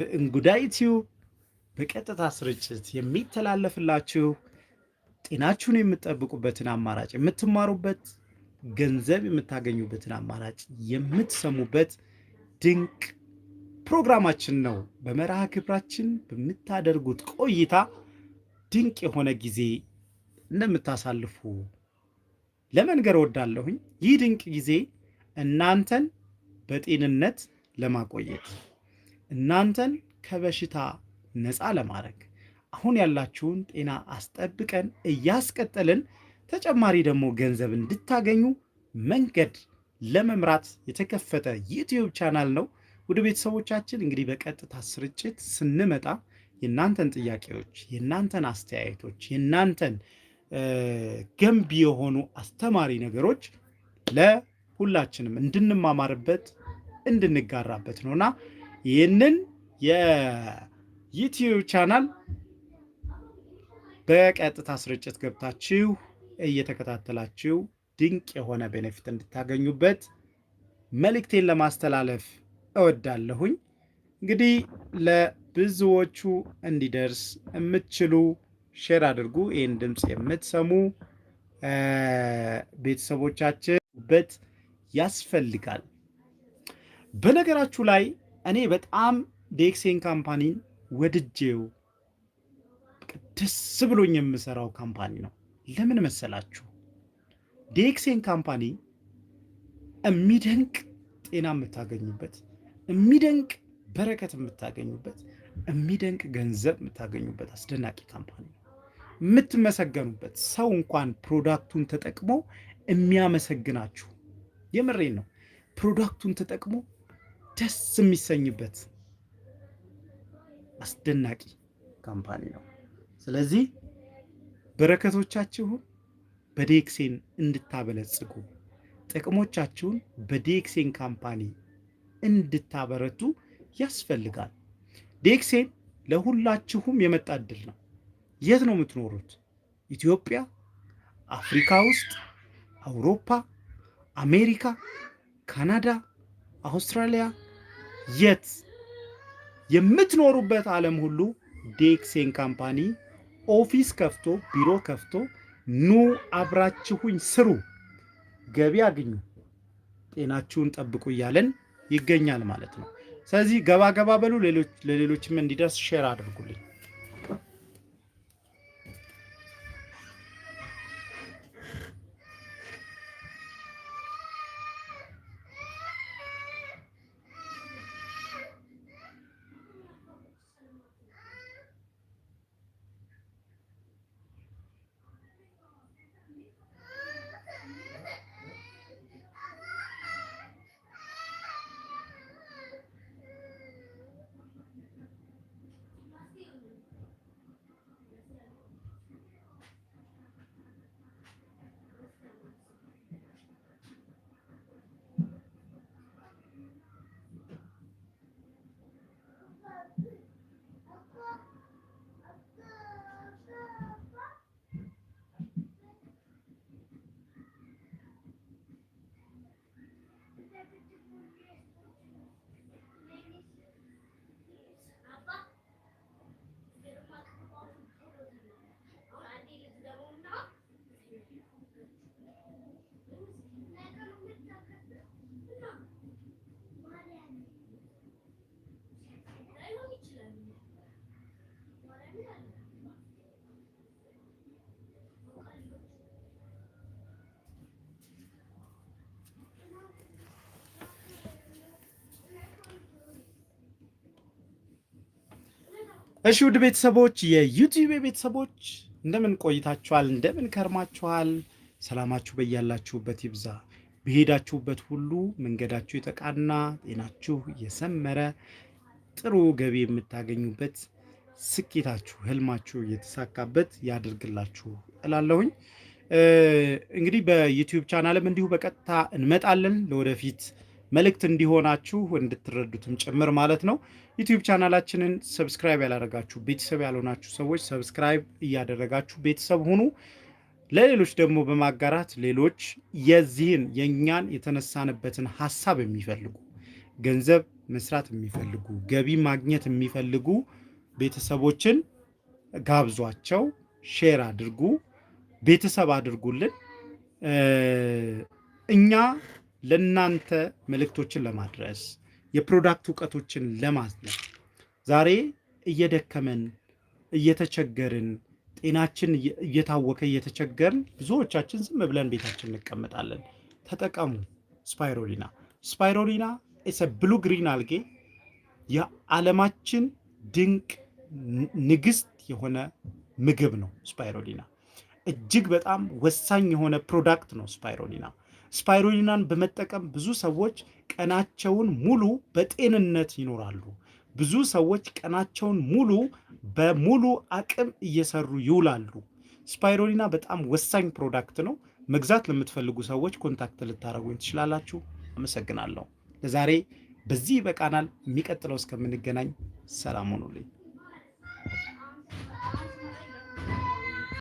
በእንጉዳይ ቲዩብ በቀጥታ ስርጭት የሚተላለፍላችሁ ጤናችሁን የምትጠብቁበትን አማራጭ የምትማሩበት፣ ገንዘብ የምታገኙበትን አማራጭ የምትሰሙበት ድንቅ ፕሮግራማችን ነው። በመርሃ ግብራችን በምታደርጉት ቆይታ ድንቅ የሆነ ጊዜ እንደምታሳልፉ ለመንገር ወዳለሁኝ። ይህ ድንቅ ጊዜ እናንተን በጤንነት ለማቆየት እናንተን ከበሽታ ነፃ ለማድረግ አሁን ያላችሁን ጤና አስጠብቀን እያስቀጠልን ተጨማሪ ደግሞ ገንዘብ እንድታገኙ መንገድ ለመምራት የተከፈተ ዩትዩብ ቻናል ነው። ወደ ቤተሰቦቻችን እንግዲህ በቀጥታ ስርጭት ስንመጣ የእናንተን ጥያቄዎች፣ የእናንተን አስተያየቶች፣ የእናንተን ገንቢ የሆኑ አስተማሪ ነገሮች ለሁላችንም እንድንማማርበት እንድንጋራበት ነውና ይህንን የዩትዩብ ቻናል በቀጥታ ስርጭት ገብታችሁ እየተከታተላችሁ ድንቅ የሆነ ቤኔፊት እንድታገኙበት መልእክቴን ለማስተላለፍ እወዳለሁኝ። እንግዲህ ለብዙዎቹ እንዲደርስ የምትችሉ ሼር አድርጉ። ይህን ድምፅ የምትሰሙ ቤተሰቦቻችን በት ያስፈልጋል። በነገራችሁ ላይ እኔ በጣም ዴክሴን ካምፓኒን ወድጄው ደስ ብሎኝ የምሰራው ካምፓኒ ነው። ለምን መሰላችሁ? ዴክሴን ካምፓኒ የሚደንቅ ጤና የምታገኙበት፣ የሚደንቅ በረከት የምታገኙበት፣ የሚደንቅ ገንዘብ የምታገኙበት አስደናቂ ካምፓኒ ነው። የምትመሰገኑበት፣ ሰው እንኳን ፕሮዳክቱን ተጠቅሞ የሚያመሰግናችሁ፣ የምሬን ነው። ፕሮዳክቱን ተጠቅሞ ደስ የሚሰኝበት አስደናቂ ካምፓኒ ነው። ስለዚህ በረከቶቻችሁን በዴክሴን እንድታበለጽጉ ጥቅሞቻችሁን በዴክሴን ካምፓኒ እንድታበረቱ ያስፈልጋል። ዴክሴን ለሁላችሁም የመጣ እድል ነው። የት ነው የምትኖሩት? ኢትዮጵያ፣ አፍሪካ ውስጥ፣ አውሮፓ፣ አሜሪካ፣ ካናዳ፣ አውስትራሊያ የት የምትኖሩበት ዓለም ሁሉ ዴክሴን ካምፓኒ ኦፊስ ከፍቶ ቢሮ ከፍቶ ኑ አብራችሁኝ ስሩ፣ ገቢ አግኙ፣ ጤናችሁን ጠብቁ እያለን ይገኛል ማለት ነው። ስለዚህ ገባ ገባ በሉ፣ ለሌሎችም እንዲደርስ ሼር አድርጉልኝ። እሺ ውድ ቤተሰቦች የዩቲዩብ ቤተሰቦች እንደምን ቆይታችኋል? እንደምን ከርማችኋል? ሰላማችሁ በያላችሁበት ይብዛ። በሄዳችሁበት ሁሉ መንገዳችሁ የተቃና ጤናችሁ የሰመረ ጥሩ ገቢ የምታገኙበት ስኬታችሁ፣ ህልማችሁ የተሳካበት ያደርግላችሁ እላለሁኝ። እንግዲህ በዩቲዩብ ቻናልም እንዲሁ በቀጥታ እንመጣለን ለወደፊት መልእክት እንዲሆናችሁ እንድትረዱትም ጭምር ማለት ነው። ዩቲዩብ ቻናላችንን ሰብስክራይብ ያላደረጋችሁ ቤተሰብ ያልሆናችሁ ሰዎች ሰብስክራይብ እያደረጋችሁ ቤተሰብ ሁኑ። ለሌሎች ደግሞ በማጋራት ሌሎች የዚህን የእኛን የተነሳንበትን ሀሳብ የሚፈልጉ ገንዘብ መስራት የሚፈልጉ ገቢ ማግኘት የሚፈልጉ ቤተሰቦችን ጋብዟቸው፣ ሼር አድርጉ፣ ቤተሰብ አድርጉልን እኛ ለእናንተ መልእክቶችን ለማድረስ የፕሮዳክት እውቀቶችን ለማዝነብ ዛሬ እየደከመን እየተቸገርን ጤናችን እየታወከ እየተቸገርን ብዙዎቻችን ዝም ብለን ቤታችን እንቀመጣለን። ተጠቀሙ። ስፓይሮሊና ስፓይሮሊና ኢሰ ብሉ ግሪን አልጌ የዓለማችን ድንቅ ንግስት የሆነ ምግብ ነው። ስፓይሮሊና እጅግ በጣም ወሳኝ የሆነ ፕሮዳክት ነው። ስፓይሮሊና ስፓይሮሊናን በመጠቀም ብዙ ሰዎች ቀናቸውን ሙሉ በጤንነት ይኖራሉ። ብዙ ሰዎች ቀናቸውን ሙሉ በሙሉ አቅም እየሰሩ ይውላሉ። ስፓይሮሊና በጣም ወሳኝ ፕሮዳክት ነው። መግዛት ለምትፈልጉ ሰዎች ኮንታክት ልታደረጉኝ ትችላላችሁ። አመሰግናለሁ። ለዛሬ በዚህ ይበቃናል። የሚቀጥለው እስከምንገናኝ ሰላም ሆኑልኝ።